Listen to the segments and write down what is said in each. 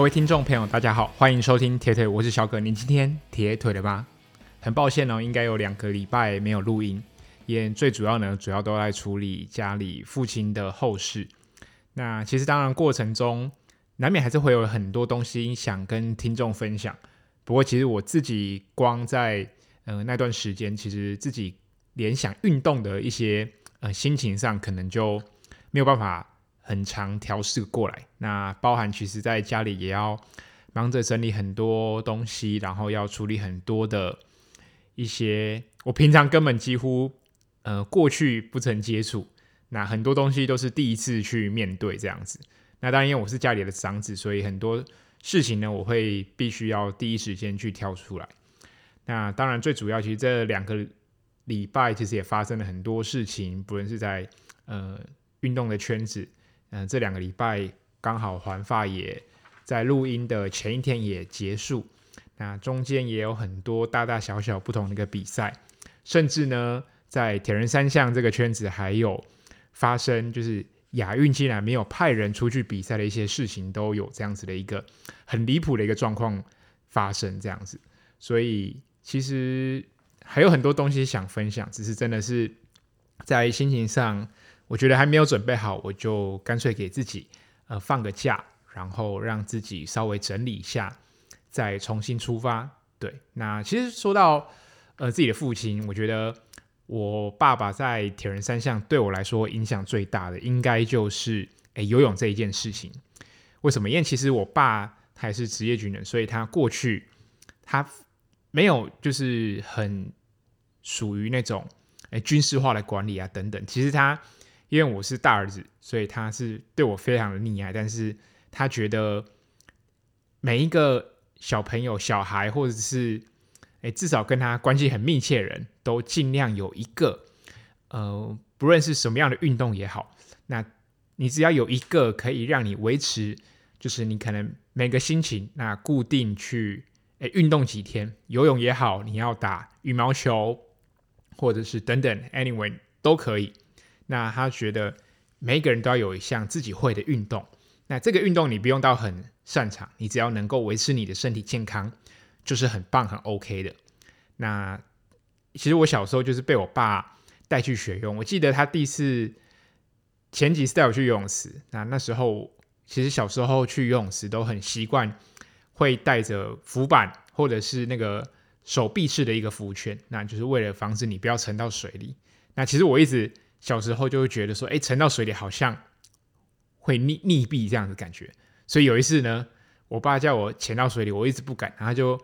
各位聽眾朋友，大家好，歡迎收聽鐵腿，我是小葛。您今天鐵腿了嗎？很抱歉哦，應該有兩個禮拜沒有錄音，也最主要呢，主要都在處理家裡父親的後事。那其實當然過程中，難免還是會有很多東西想跟聽眾分享。不過其實我自己光在嗯、呃、那段時間，其實自己聯想運動的一些呃心情上，可能就沒有辦法。很長調適過來，那包含其實，在家裡也要忙着整理很多東西，然後要處理很多的一些我平常根本幾乎呃過去不曾接觸，那很多東西都是第一次去面對這樣子。那當然，因為我是家裡的長子，所以很多事情呢，我會必須要第一時間去跳出來。那當然，最主要其實這兩個禮拜其實也發生了很多事情，不論是在呃運動的圈子。嗯、呃，這兩個禮拜剛好環法也在錄音的前一天也結束，那中間也有很多大大小小不同的一個比賽，甚至呢，在鐵人三項這個圈子還有發生，就是亞運竟然沒有派人出去比賽的一些事情，都有這樣子的一個很離譜的一個狀況發生，這樣子，所以其實還有很多東西想分享，只是真的是在心情上，我覺得還沒有準備好，我就乾脆給自己呃放個假，然後讓自己稍微整理一下，再重新出發。對，那其實說到呃自己的父親，我覺得我爸爸在鐵人三項對我來說影響最大的，應該就是誒、欸、游泳這一件事情。為什麼？因為其實我爸他也是職業軍人，所以他過去他沒有就是很屬於那種誒、欸、軍事化的管理啊等等，其實他。因為我是大兒子，所以他是對我非常的溺愛。但是，他覺得每一個小朋友、小孩，或者是哎、欸，至少跟他關係很密切的人，都盡量有一個，呃，不論是什麼樣的運動也好，那你只要有一個可以讓你維持，就是你可能每個星期，那固定去哎、欸、運動幾天，游泳也好，你要打羽毛球，或者是等等，anyway 都可以。那他覺得每一個人都要有一項自己會的運動，那這個運動你不用到很擅長，你只要能夠維持你的身體健康，就是很棒很 OK 的。那其實我小時候就是被我爸帶去學游泳，我記得他第一次、前幾次帶我去游泳池，那那時候其實小時候去游泳池都很習慣，會帶着浮板或者是那個手臂式的一個浮圈，那就是為了防止你不要沉到水裡。那其實我一直。小時候就會覺得說，欸，沉到水裡好像會溺溺斃這樣的感覺。所以有一次呢，我爸叫我潛到水裡，我一直不敢。然後他就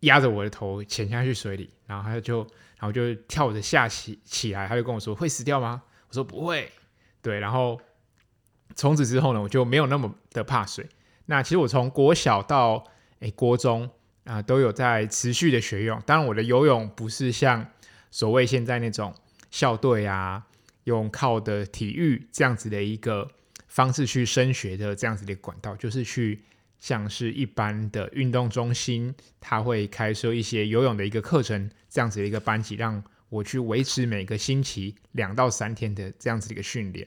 壓着我的頭潛下去水裡，然後他就，然後就跳着下起起來，他就跟我說：“會死掉嗎？”我說：“不會。”對。然後從此之後呢，我就沒有那麼的怕水。那其實我從國小到，欸，國中啊，呃，都有在持續的學泳。當然，我的游泳不是像所謂現在那種校隊啊。用靠的體育這樣子的一個方式去升學的這樣子的管道，就是去像是一般的運動中心，它會開設一些游泳的一個課程，這樣子的一個班級，讓我去維持每個星期兩到三天的這樣子的一個訓練。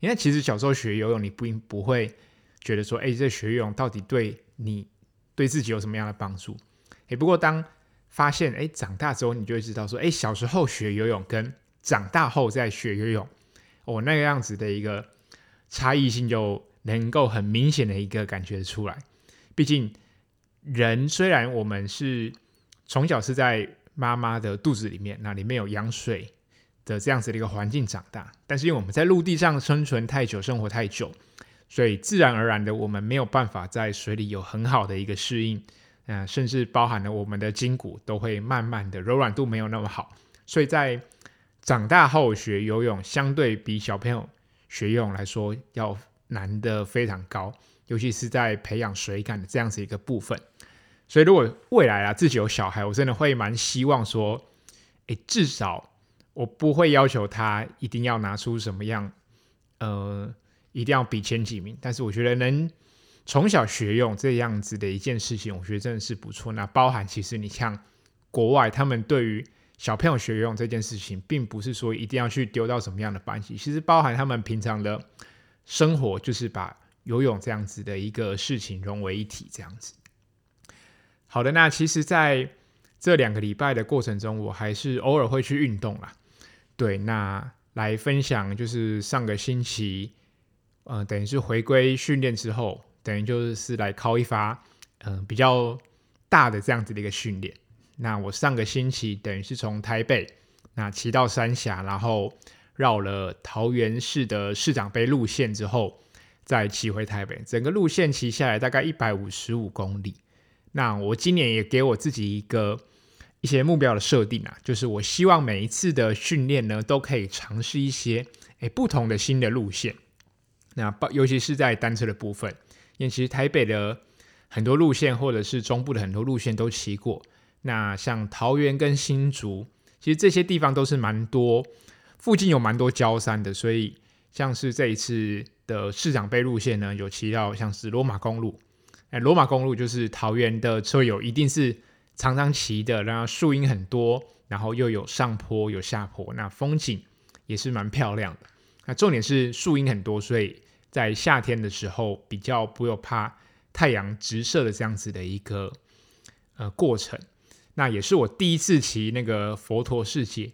因為其實小時候學游泳，你並不會覺得說，哎，這學游泳到底對你對自己有什麼樣的幫助？哎，不過當發現，哎，長大之後，你就會知道說，哎，小時候學游泳跟。長大後再學游泳，我、哦、那個樣子的一個差異性就能夠很明顯的一個感覺出來。畢竟人雖然我們是從小是在媽媽的肚子裡面，那裡面有羊水的這樣子的一個環境長大，但是因為我們在陸地上生存太久、生活太久，所以自然而然的我們沒有辦法在水裡有很好的一個適應，嗯、呃，甚至包含了我們的筋骨都會慢慢的柔軟度沒有那麼好，所以在長大後學游泳，相對比小朋友學游泳來說要難得非常高，尤其是在培養水感的這樣子一個部分。所以，如果未來啊自己有小孩，我真的會蠻希望說，欸，至少我不會要求他一定要拿出什麼樣，呃，一定要比前幾名。但是，我覺得能從小學用這樣子的一件事情，我覺得真的是不錯。那包含其實你像國外，他們對於小朋友學游泳這件事情，並不是說一定要去丟到什麼樣的班級。其實包含他們平常的生活，就是把游泳這樣子的一個事情融為一體，這樣子。好的，那其實在這兩個禮拜的過程中，我還是偶爾會去運動啦。對，那來分享就是上個星期，嗯、呃，等於是回歸訓練之後，等於就是是來考一發，嗯、呃，比較大的這樣子的一個訓練。那我上個星期等於是從台北，那騎到三峽，然後繞了桃園市的市長杯路線之後，再騎回台北，整個路線騎下來大概一百五十五公里。那我今年也給我自己一個一些目標的設定啊，就是我希望每一次的訓練呢，都可以嘗試一些誒、欸、不同的新的路線。那包尤其是在單車的部分，因為其實台北的很多路線或者是中部的很多路線都騎過。那像桃園跟新竹，其實這些地方都是蠻多，附近有蠻多郊山的，所以像是這一次的市長杯路線呢，有騎到像是羅馬公路，哎、欸，羅馬公路就是桃園的車友一定是常常騎的，然後樹蔭很多，然後又有上坡有下坡，那風景也是蠻漂亮的。那重點是樹蔭很多，所以在夏天的時候比較不用怕太陽直射的這樣子的一個呃過程。那也是我第一次騎那個佛陀世界，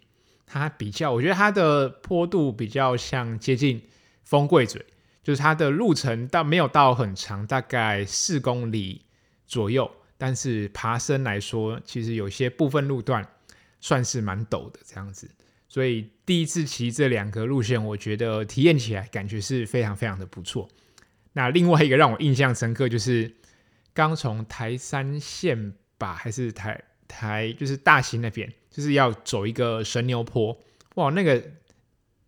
它比較，我覺得它的坡度比較像接近風櫃嘴，就是它的路程到沒有到很長，大概四公里左右，但是爬升來說，其實有些部分路段算是蠻陡的這樣子。所以第一次騎這兩個路線，我覺得體驗起來感覺是非常非常的不錯。那另外一個讓我印象深刻，就是剛從台三線吧，還是台。台就是大溪那邊，就是要走一個神牛坡，哇，那個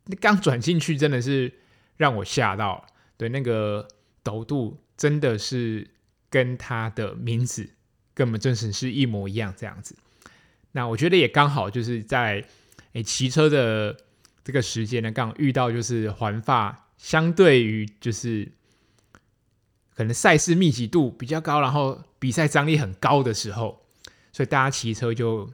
那剛轉進去真的是讓我嚇到，對，那個陡度真的是跟他的名字跟我們真實是一模一樣這樣子。那我覺得也剛好就是在哎騎、欸、車的這個時間呢，剛好遇到就是環法，相對於就是可能賽事密集度比較高，然後比賽張力很高的時候。所以大家騎車就誒、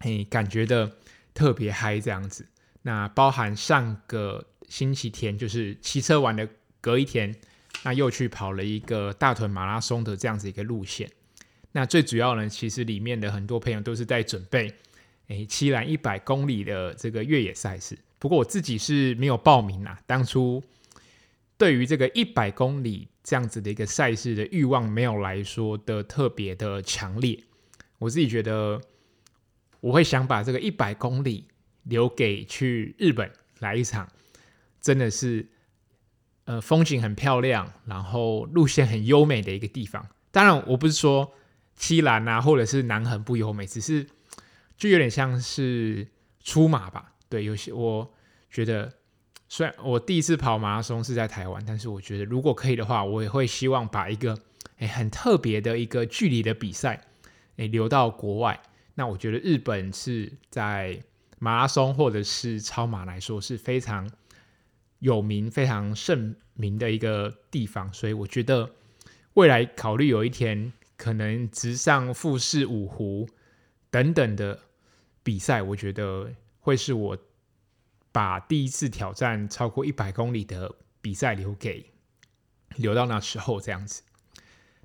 欸，感覺的特別嗨這樣子。那包含上個星期天，就是騎車完的隔一天，那又去跑了一個大屯馬拉松的這樣子一個路線。那最主要呢，其實裡面的很多朋友都是在準備誒，奇萊一百公里的這個越野賽事。不過我自己是沒有報名啊。當初對於這個一百公里這樣子的一個賽事的慾望，沒有來說的特別的強烈。我自己覺得，我會想把這個一百公里留給去日本來一場，真的是，呃，風景很漂亮，然後路線很優美的一個地方。當然，我不是說西蘭啊，或者是南橫不優美，只是就有點像是初馬吧。對，有些我覺得，雖然我第一次跑馬拉松是在台灣，但是我覺得如果可以的話，我也會希望把一個誒、哎、很特別的一個距離的比賽。你留、欸、到國外，那我覺得日本是在馬拉松或者是超馬來說是非常有名、非常盛名的一個地方，所以我覺得未來考慮有一天可能直上富士五湖等等的比賽，我覺得會是我把第一次挑戰超過一百公里的比賽留給留到那時候這樣子。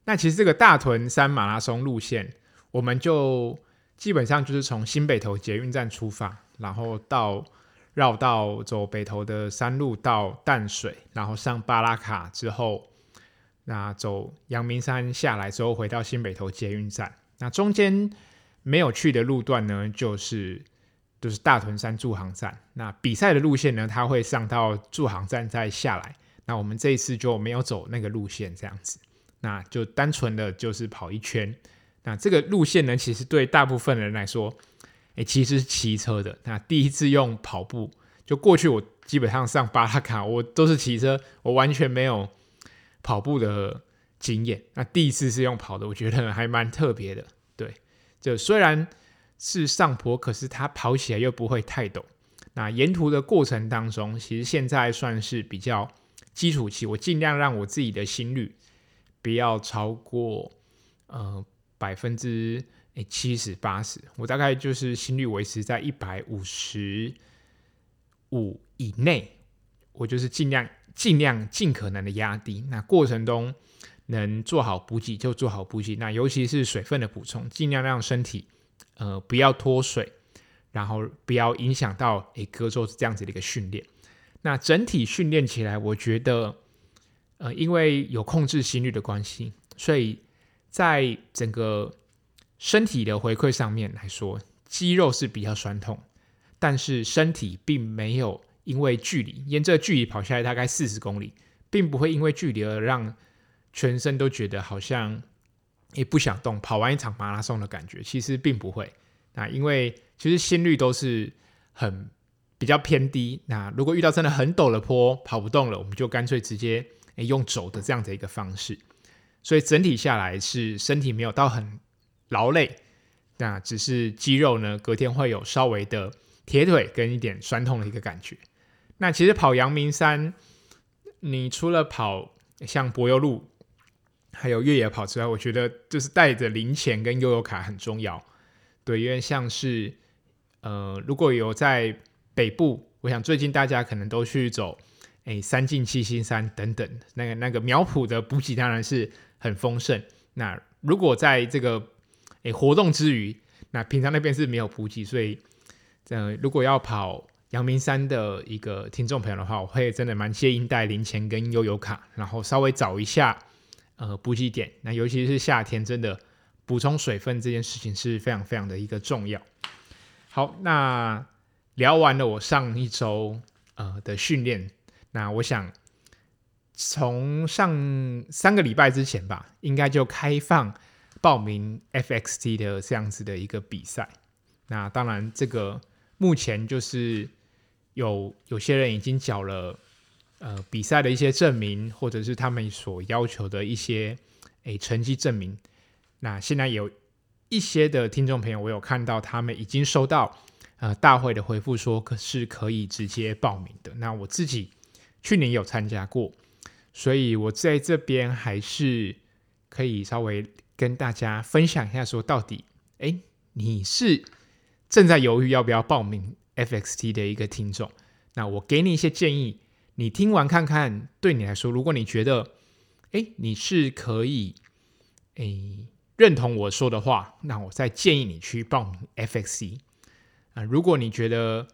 那其實這個大屯山馬拉松路線。我們就基本上就是從新北投捷運站出發，然後到繞道走北投的山路到淡水，然後上巴拉卡之後，那走陽明山下來之後回到新北投捷運站。那中間沒有去的路段呢，就是就是大屯山助航站。那比賽的路線呢，它會上到助航站再下來。那我們這一次就沒有走那個路線，這樣子，那就單純的就是跑一圈。那這個路線呢，其實對大部分人來說，誒、欸，其實是騎車的。那第一次用跑步，就過去我基本上上巴拉卡，我都是騎車，我完全沒有跑步的經驗。那第一次是用跑的，我覺得還蠻特別的。對，就雖然是上坡，可是它跑起來又不會太陡。那沿途的過程當中，其實現在算是比較基礎期，我儘量讓我自己的心率不要超過呃。百分之誒七十八十，欸、70, 80, 我大概就是心率維持在一百五十五以內，我就是盡量、盡量、盡可能的壓低。那過程中能做好補給就做好補給，那尤其是水分的補充，盡量讓身體呃不要脫水，然後不要影響到誒、欸、隔週這樣子的一個訓練。那整體訓練起來，我覺得呃因為有控制心率的關係，所以。在整個身體的回饋上面來說，肌肉是比較酸痛，但是身體並沒有因為距離，沿着距離跑下來大概四十公里，並不會因為距離而讓全身都覺得好像也不想動。跑完一場馬拉松的感覺其實並不會，那因為其實心率都是很比較偏低。那如果遇到真的很陡的坡跑不動了，我們就乾脆直接誒用走的這樣的一個方式。所以整體下來是身體沒有到很勞累，那只是肌肉呢，隔天會有稍微的鐵腿跟一點痠痛的一個感覺。那其實跑陽明山，你除了跑像柏油路還有越野跑之外，我覺得就是帶着零錢跟悠遊卡很重要。對，因為像是呃，如果有在北部，我想最近大家可能都去走哎，三進七星山等等，那個那個苗圃的補給當然是。很豐盛。那如果在這個誒、欸、活動之餘，那平常那邊是沒有補給，所以，呃，如果要跑陽明山的一個聽眾朋友的話，我會真的蠻建議帶零錢跟悠游卡，然後稍微找一下呃補給點。那尤其是夏天，真的補充水分這件事情是非常非常的一個重要。好，那聊完了我上一周呃的訓練，那我想。從上三個禮拜之前吧，應該就開放報名 FXT 的這樣子的一個比賽。那當然，這個目前就是有有些人已經繳了呃比賽的一些證明，或者是他們所要求的一些誒成績證明。那現在有一些的聽眾朋友，我有看到他們已經收到呃大會的回復，說可是可以直接報名的。那我自己去年有參加過。所以我在這邊還是可以稍微跟大家分享一下，說到底，哎、欸，你是正在猶豫要不要報名 FXT 的一個聽眾，那我給你一些建議，你聽完看看，對你來說，如果你覺得，哎、欸，你是可以、欸，認同我說的話，那我再建議你去報名 FXT 啊、呃。如果你覺得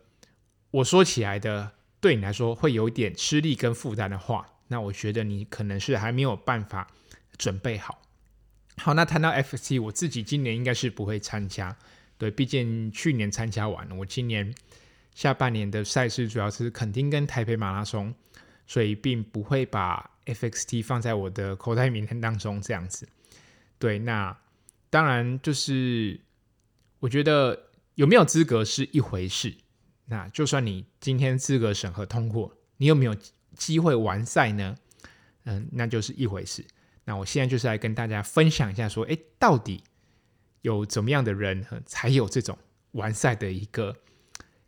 我說起來的對你來說會有一點吃力跟負擔的話，那我覺得你可能是還沒有辦法準備好。好，那談到 FXT，我自己今年應該是不會參加，對，畢竟去年參加完了。我今年下半年的賽事主要是墾丁跟台北馬拉松，所以並不會把 FXT 放在我的口袋名單當中這樣子。對，那當然就是我覺得有沒有資格是一回事。那就算你今天資格審核通過，你有沒有機會完賽呢，嗯，那就是一回事。那我現在就是來跟大家分享一下，說，哎、欸，到底有怎麼樣的人才有這種完賽的一個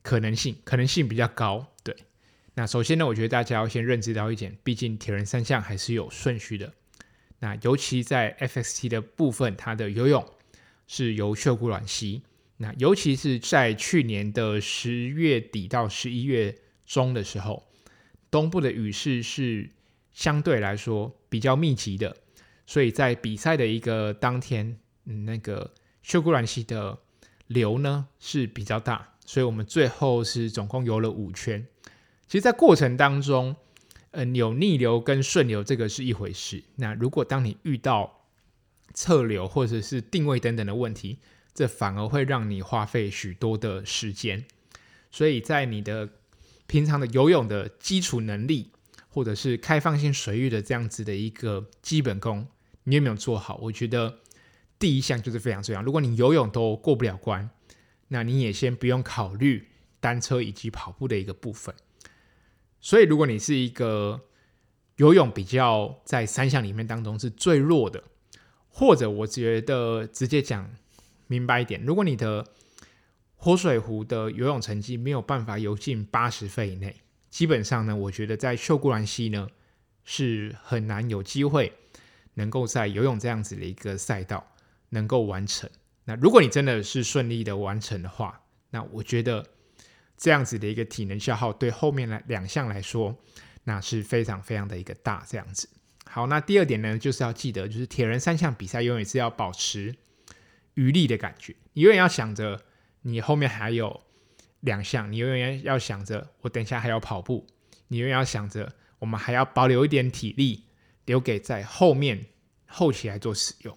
可能性？可能性比較高，對。那首先呢，我覺得大家要先認知到一點，畢竟鐵人三項還是有順序的。那尤其在 FXT 的部分，它的游泳是由血骨卵吸。那尤其是在去年的十月底到十一月中的時候。東部的雨勢是相對來說比較密集的，所以在比賽的一個當天，嗯、那個秀姑巒溪的流呢，是比較大，所以我們最後是總共游了五圈。其實，在過程當中，呃、嗯，有逆流跟順流這個是一回事。那如果當你遇到側流或者是定位等等的問題，這反而會讓你花費許多的時間。所以在你的。平常的游泳的基礎能力，或者是開放性水域的這樣子的一個基本功，你有沒有做好？我覺得第一項就是非常重要。如果你游泳都過不了關，那你也先不用考慮單車以及跑步的一個部分。所以，如果你是一個游泳比較在三項裡面當中是最弱的，或者我覺得直接講明白一點，如果你的。活水湖的游泳成績沒有辦法游進八十分以內，基本上呢，我覺得在秀姑巒溪呢是很難有機會能夠在游泳這樣子的一個賽道能夠完成。那如果你真的是順利的完成的話，那我覺得這樣子的一個體能消耗對後面來兩項來說，那是非常非常的一個大這樣子。好，那第二點呢，就是要記得，就是鐵人三項比賽永遠是要保持餘力的感覺，你永遠要想着。你後面還有兩項，你永遠要想着，我等一下還要跑步，你永遠要想着，我們還要保留一點體力，留給在後面後期來做使用。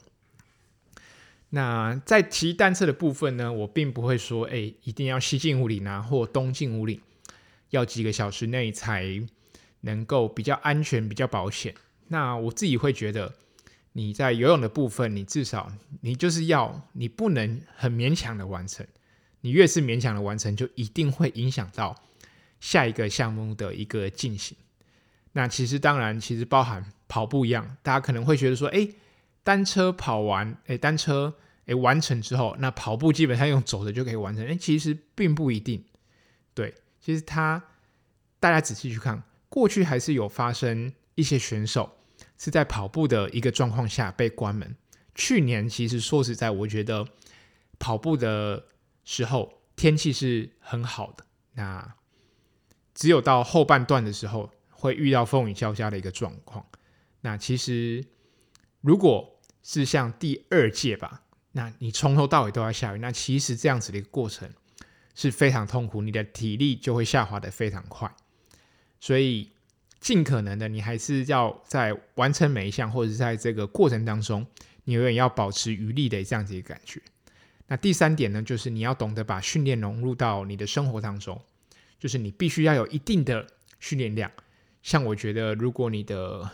那在騎單車的部分呢，我並不會說，哎、欸，一定要西進武嶺啊，或東進武嶺，要幾個小時內才能夠比較安全、比較保險。那我自己會覺得，你在游泳的部分，你至少你就是要，你不能很勉強的完成。你越是勉強的完成，就一定會影響到下一個項目的一個進行。那其實當然，其實包含跑步一樣，大家可能會覺得說，欸，單車跑完，欸，單車，欸，完成之後，那跑步基本上用走的就可以完成。欸，其實並不一定。對，其實它，大家仔細去看，過去還是有發生一些選手是在跑步的一個狀況下被關門。去年其實說實在，我覺得跑步的。時候天氣是很好的，那只有到後半段的時候會遇到風雨交加的一個狀況。那其實如果是像第二屆吧，那你從頭到尾都在下雨，那其實這樣子的一個過程是非常痛苦，你的體力就會下滑得非常快。所以盡可能的，你還是要在完成每一項，或者是在這個過程當中，你永遠要保持餘力的這樣子一個感覺。那第三點呢，就是你要懂得把訓練融入到你的生活當中，就是你必須要有一定的訓練量。像我覺得，如果你的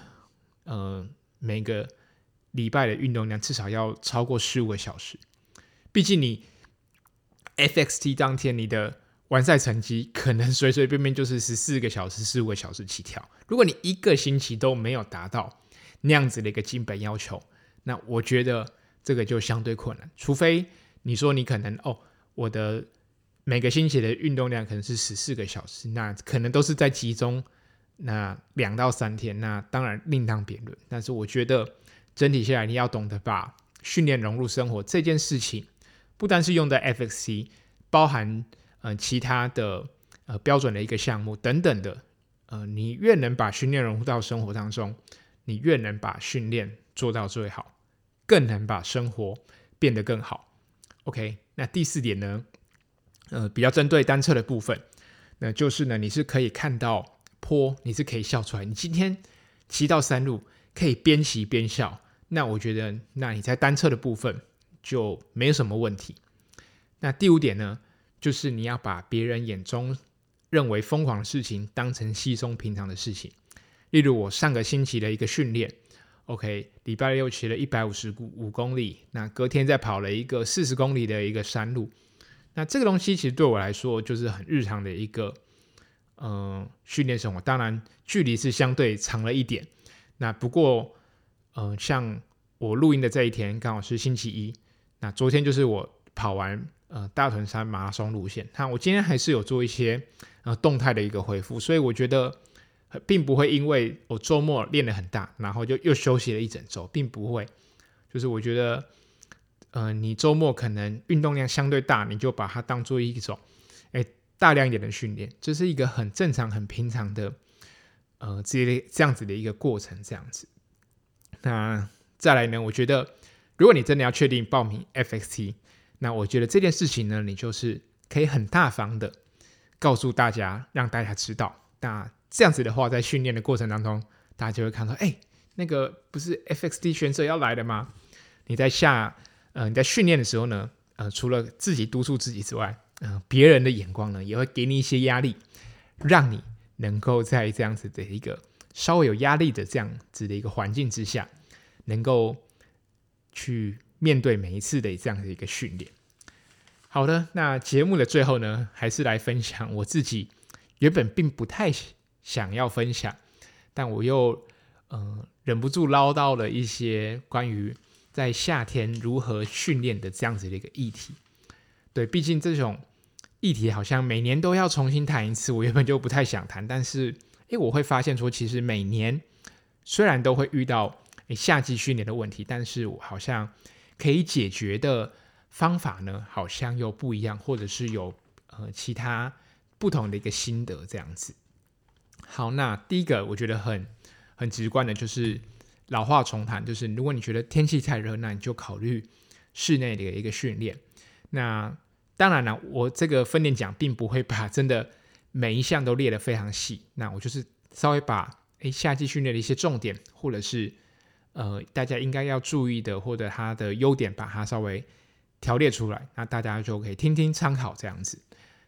呃每個禮拜的運動量至少要超過十五個小時，畢竟你 FXT 當天你的完賽成績可能隨隨便便就是十四個小時、十五個小時起跳。如果你一個星期都沒有達到那樣子的一個基本要求，那我覺得這個就相對困難，除非。你說你可能哦，我的每個星期的運動量可能是十四個小時，那可能都是在集中那兩到三天，那當然另當別論。但是我覺得整體下來，你要懂得把訓練融入生活這件事情，不單是用的 FXC，包含呃其他的呃標準的一個項目等等的。呃，你越能把訓練融入到生活當中，你越能把訓練做到最好，更能把生活變得更好。OK，那第四點呢，呃，比較針對單車的部分，那就是呢，你是可以看到坡，你是可以笑出來。你今天騎到山路，可以邊騎邊笑，那我覺得，那你在單車的部分就沒有什麼問題。那第五點呢，就是你要把別人眼中認為瘋狂的事情當成稀鬆平常的事情。例如我上個星期的一個訓練。OK，禮拜六騎了一百五十公五公里，那隔天再跑了一個四十公里的一個山路。那這個東西其實對我來說就是很日常的一個嗯訓練生活。當然距離是相對長了一點，那不過嗯、呃、像我錄音的這一天剛好是星期一，那昨天就是我跑完呃大屯山馬拉松路線，那、啊、我今天還是有做一些、呃、動態的一個恢復，所以我覺得。並不會因為我周末練的很大，然後就又休息了一整週，並不會。就是我覺得，呃，你周末可能運動量相對大，你就把它當做一種，哎、欸，大量一點的訓練，這、就是一個很正常、很平常的，呃，這類這樣子的一個過程，這樣子。那再來呢？我覺得，如果你真的要確定報名 FXT，那我覺得這件事情呢，你就是可以很大方的告訴大家，讓大家知道，那。這樣子的話，在訓練的過程當中，大家就會看到，哎、欸，那個不是 FXT 選手要來的嗎？你在下，嗯、呃，你在訓練的時候呢，呃，除了自己督促自己之外，嗯、呃，別人的眼光呢，也會給你一些壓力，讓你能夠在這樣子的一個稍微有壓力的這樣子的一個環境之下，能夠去面對每一次的這樣的一個訓練。好的，那節目的最後呢，還是來分享我自己原本並不太喜。想要分享，但我又嗯、呃、忍不住嘮叨了一些關於在夏天如何訓練的這樣子的一個議題。對，畢竟這種議題好像每年都要重新談一次。我原本就不太想談，但是哎，我會發現說，其實每年雖然都會遇到夏季訓練的問題，但是我好像可以解決的方法呢，好像又不一樣，或者是有呃其他不同的一個心得這樣子。好，那第一個我覺得很很直觀的，就是老話重談，就是如果你覺得天氣太熱，那你就考慮室內的一個訓練。那當然了，我這個分點講，並不會把真的每一項都列的非常細。那我就是稍微把誒、欸、夏季訓練的一些重點，或者是呃大家應該要注意的，或者它的優點，把它稍微調列出來，那大家就可以聽聽參考這樣子。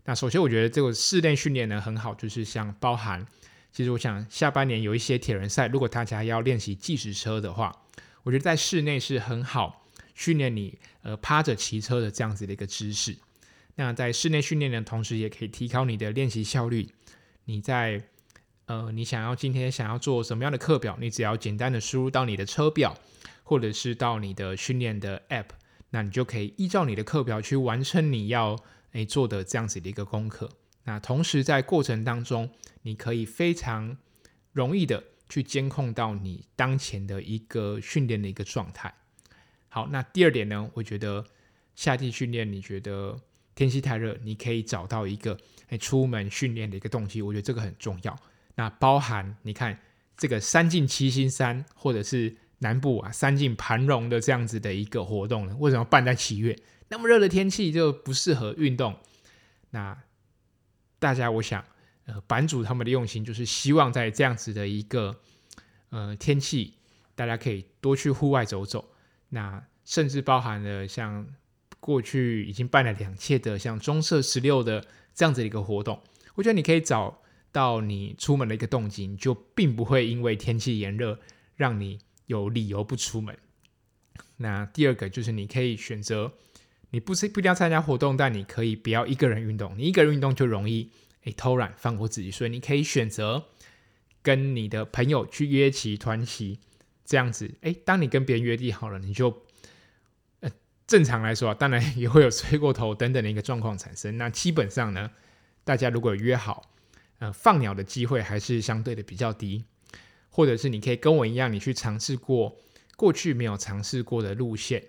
那首先我覺得這個室內訓練呢很好，就是像包含。其實我想，下半年有一些鐵人賽，如果大家要練習計時車的話，我覺得在室內是很好訓練你呃趴着騎車的這樣子的一個姿勢。那在室內訓練的同時，也可以提高你的練習效率。你在呃你想要今天想要做什麼樣的課表，你只要簡單的輸入到你的車表，或者是到你的訓練的 app，那你就可以依照你的課表去完成你要誒、哎、做的這樣子的一個功課。那同時在過程當中，你可以非常容易的去監控到你當前的一個訓練的一個狀態。好，那第二點呢，我覺得夏季訓練，你覺得天氣太熱，你可以找到一個、欸、出門訓練的一個動機，我覺得這個很重要。那包含你看這個三進七星山，或者是南部啊三進盤龍的這樣子的一個活動呢，為什麼辦在七月？那麼熱的天氣就不適合運動。那大家，我想，呃，版主他們的用心就是希望在這樣子的一個，呃，天氣，大家可以多去戶外走走。那甚至包含了像過去已經辦了兩屆的像“棕色十六”的這樣子的一個活動，我覺得你可以找到你出門的一個動機，你就並不會因為天氣炎熱，讓你有理由不出門。那第二個就是你可以選擇。你不是不一定要參加活動，但你可以不要一個人運動。你一個人運動就容易哎、欸、偷懶放過自己，所以你可以選擇跟你的朋友去約騎團騎這樣子。哎、欸，當你跟別人約定好了，你就呃正常來說啊，當然也會有睡過頭等等的一個狀況產生。那基本上呢，大家如果有約好，呃，放鳥的機會還是相對的比較低，或者是你可以跟我一樣，你去嘗試過過去沒有嘗試過的路線。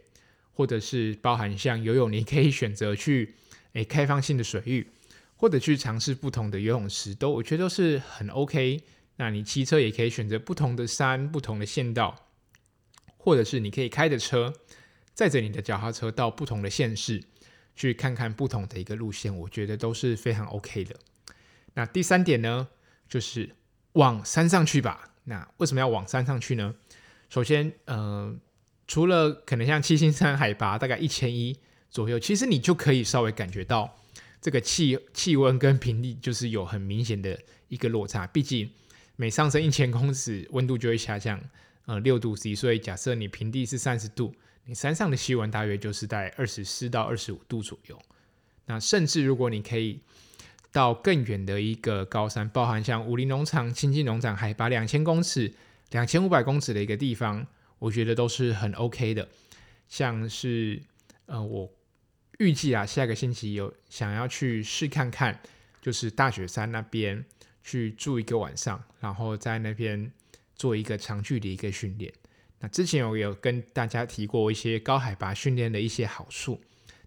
或者是包含像游泳，你可以選擇去誒、欸、開放性的水域，或者去嘗試不同的游泳池，都我覺得都是很 OK。那你騎車也可以選擇不同的山、不同的縣道，或者是你可以開着車，載着你的腳踏車到不同的縣市去看看不同的一個路線，我覺得都是非常 OK 的。那第三點呢，就是往山上去吧。那為什麼要往山上去呢？首先，呃。除了可能像七星山海拔大概一千一左右，其實你就可以稍微感覺到這個氣氣溫跟平地就是有很明顯的一個落差。畢竟每上升一千公尺，溫度就會下降呃六度 C。所以假設你平地是三十度，你山上的氣溫大約就是在二十四到二十五度左右。那甚至如果你可以到更遠的一個高山，包含像武陵農場、清境農場，海拔兩千公尺、兩千五百公尺的一個地方。我覺得都是很 OK 的，像是呃，我預計啊，下個星期有想要去試看看，就是大雪山那邊去住一個晚上，然後在那邊做一個長距離一個訓練。那之前我有跟大家提過一些高海拔訓練的一些好處。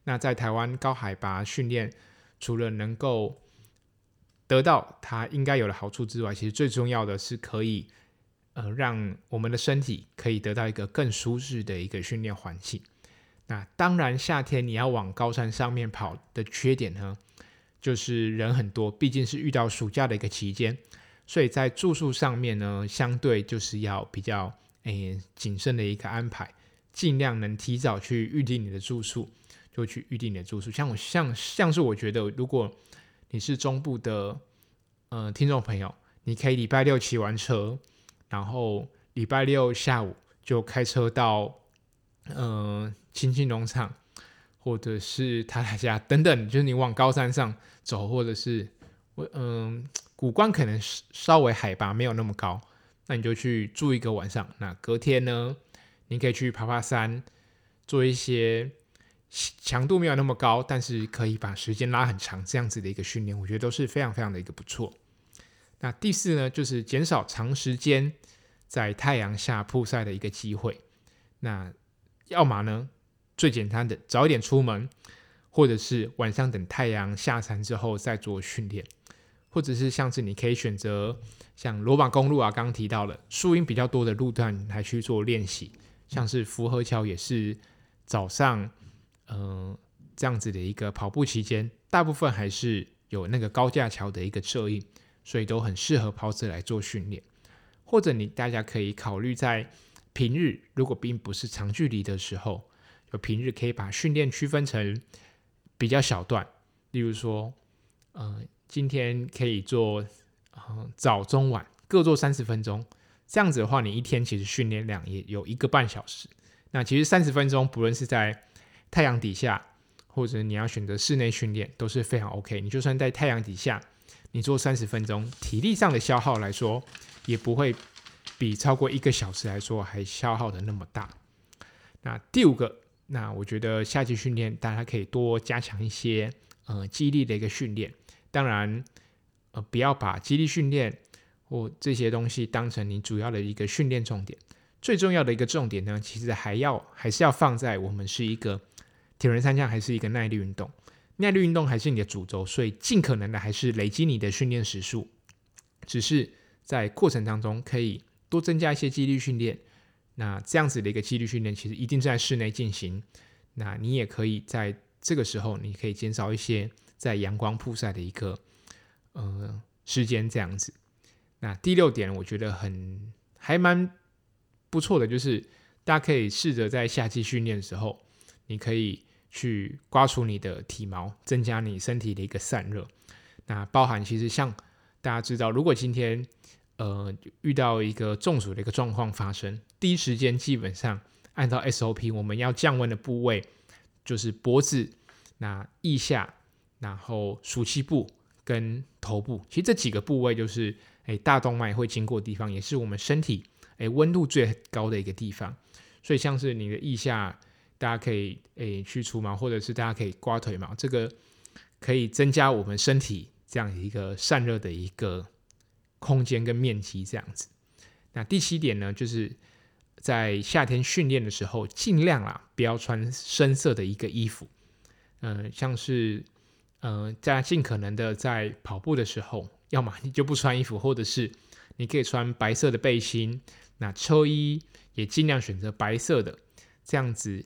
那在台灣高海拔訓練，除了能夠得到它應該有的好處之外，其實最重要的是可以。呃，讓我們的身體可以得到一個更舒適的一個訓練環境。那當然，夏天你要往高山上面跑的缺點呢，就是人很多，畢竟是遇到暑假的一個期間，所以在住宿上面呢，相對就是要比較誒、欸、謹慎的一個安排，盡量能提早去預定你的住宿，就去預定你的住宿。像我像像是我覺得，如果你是中部的呃聽眾朋友，你可以禮拜六騎完車。然後禮拜六下午就開車到，嗯、呃，清境農場，或者是塔塔加等等，就是你往高山上走，或者是我嗯，呃，谷關可能稍微海拔沒有那麼高，那你就去住一個晚上。那隔天呢，你可以去爬爬山，做一些強度沒有那麼高，但是可以把時間拉很長這樣子的一個訓練，我覺得都是非常非常的一個不錯。那第四呢，就是減少長時間在太陽下曝曬的一個機會。那要嘛呢，最簡單的早一點出門，或者是晚上等太陽下山之後再做訓練，或者是像是你可以選擇像羅馬公路啊，剛剛提到了樹蔭比較多的路段來去做練習，像是福和橋也是早上，嗯、呃，這樣子的一個跑步期間，大部分還是有那個高架橋的一個遮蔭。所以都很適合跑者來做訓練，或者你大家可以考慮在平日，如果並不是長距離的時候，就平日可以把訓練區分成比較小段，例如說，嗯，今天可以做嗯、呃、早中晚各做三十分鐘，這樣子的話，你一天其實訓練量也有一個半小時。那其實三十分鐘，不論是在太陽底下，或者你要選擇室內訓練都是非常 OK。你就算在太陽底下。你做三十分鐘，體力上的消耗來說，也不會比超過一個小時來說還消耗的那麼大。那第五個，那我覺得夏季訓練大家可以多加強一些，呃，肌力的一個訓練。當然，呃，不要把肌力訓練或這些東西當成你主要的一個訓練重點。最重要的一個重點呢，其實還要還是要放在我們是一個鐵人三項還是一個耐力運動。耐力運動還是你的主軸，所以儘可能的還是累積你的訓練時數，只是在過程當中可以多增加一些肌力訓練。那這樣子的一個肌力訓練其實一定在室內進行。那你也可以在這個時候，你可以減少一些在陽光曝曬的一個呃時間這樣子。那第六點我覺得很還蠻不錯的，就是大家可以試着在夏季訓練的時候，你可以。去刮除你的體毛，增加你身體的一個散熱。那包含其實像大家知道，如果今天呃遇到一個中暑的一個狀況發生，第一時間基本上按照 SOP，我們要降溫的部位就是脖子、那腋下、然後鼠蹊部跟頭部。其實這幾個部位就是誒、哎、大動脈會經過的地方，也是我們身體誒、哎、溫度最高的一個地方。所以像是你的腋下。大家可以誒、欸、去除毛，或者是大家可以刮腿毛，這個可以增加我們身體這樣一個散熱的一個空間跟面積。這樣子，那第七點呢，就是在夏天訓練的時候，盡量啦、啊、不要穿深色的一個衣服，嗯、呃，像是嗯，呃、大家盡可能的在跑步的時候，要麼你就不穿衣服，或者是你可以穿白色的背心，那球衣也盡量選擇白色的，這樣子。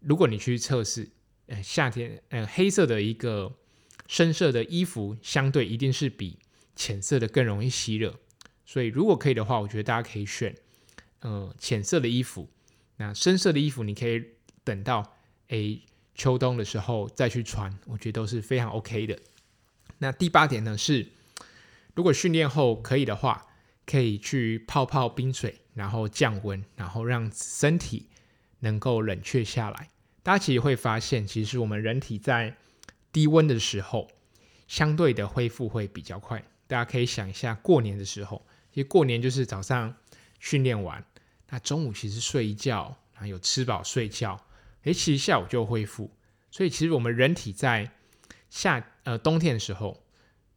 如果你去測試，呃，夏天，呃，黑色的一個深色的衣服，相對一定是比淺色的更容易吸熱，所以如果可以的話，我覺得大家可以選，呃，淺色的衣服。那深色的衣服，你可以等到誒、欸、秋冬的時候再去穿，我覺得都是非常 OK 的。那第八點呢是，如果訓練後可以的話，可以去泡泡冰水，然後降溫，然後讓身體。能夠冷卻下來，大家其實會發現，其實我們人體在低溫的時候，相對的恢復會比較快。大家可以想一下，過年的時候，其實過年就是早上訓練完，那中午其實睡一覺，然後有吃飽睡覺，誒、欸，其實下午就恢復。所以，其實我們人體在夏呃冬天的時候，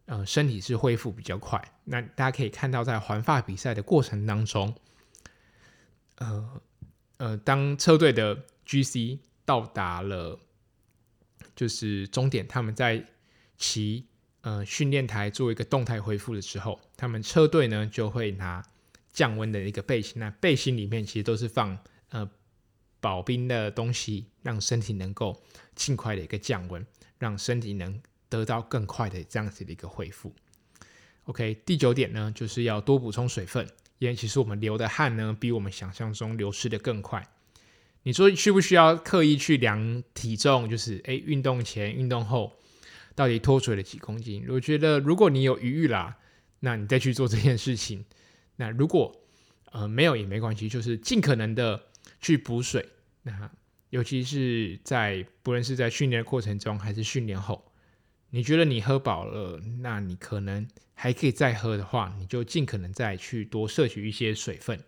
呃，身體是恢復比較快。那大家可以看到，在環法比賽的過程當中，呃。呃，當車隊的 GC 到達了就是終點，他們在騎呃訓練台做一個動態恢復的時候，他們車隊呢就會拿降溫的一個背心，那背心裡面其實都是放呃保冰的東西，讓身體能夠盡快的一個降溫，讓身體能得到更快的這樣子的一個恢復。OK，第九點呢就是要多補充水分。因其實我們流的汗呢，比我們想象中流失的更快。你說需不需要刻意去量體重？就是哎，運動前、運動後到底脫水了幾公斤？我覺得，如果你有餘裕啦，那你再去做這件事情。那如果呃沒有也沒關係，就是盡可能的去補水。那尤其是在不論是在訓練的過程中，還是訓練後。你覺得你喝飽了，那你可能還可以再喝的話，你就盡可能再去多攝取一些水分。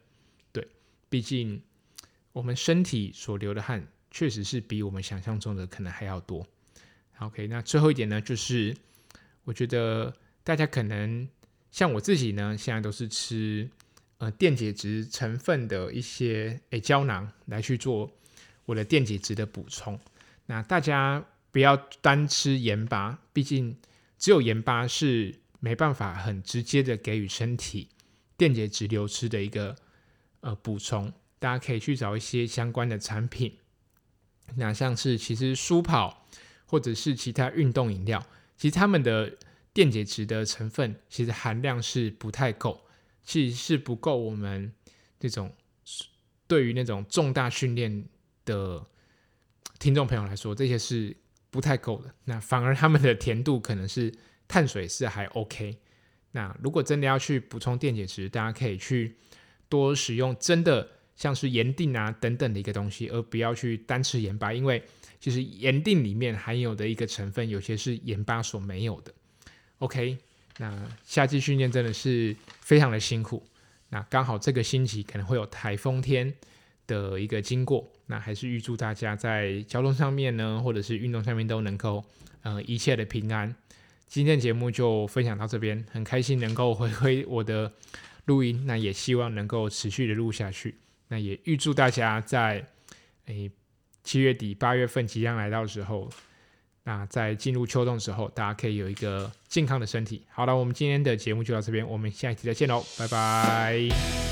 對，畢竟我們身體所流的汗，確實是比我們想象中的可能還要多。OK，那最後一點呢，就是我覺得大家可能像我自己呢，現在都是吃呃電解質成分的一些誒膠囊來去做我的電解質的補充。那大家。不要單吃鹽巴，畢竟只有鹽巴是沒辦法很直接的給予身體電解質流失的一個呃補充。大家可以去找一些相關的產品，那像是其實舒跑或者是其他運動飲料，其實他們的電解質的成分其實含量是不太夠，其實是不夠我們這種對於那種重大訓練的聽眾朋友來說，這些是。不太夠的，那反而他們的甜度可能是碳水是還 OK。那如果真的要去補充電解質，大家可以去多使用真的像是鹽錠啊等等的一個東西，而不要去單吃鹽巴，因為其實鹽錠裡面含有的一個成分有些是鹽巴所沒有的。OK，那夏季訓練真的是非常的辛苦，那剛好這個星期可能會有颱風天。的一個經過，那還是預祝大家在交通上面呢，或者是運動上面都能夠，嗯、呃，一切的平安。今天的節目就分享到這邊，很開心能夠回歸我的錄音，那也希望能夠持續的錄下去。那也預祝大家在誒七、欸、月底八月份即將來到的時候，那在進入秋冬的時候，大家可以有一個健康的身體。好了，我們今天的節目就到這邊，我們下一期再見嘍，拜拜。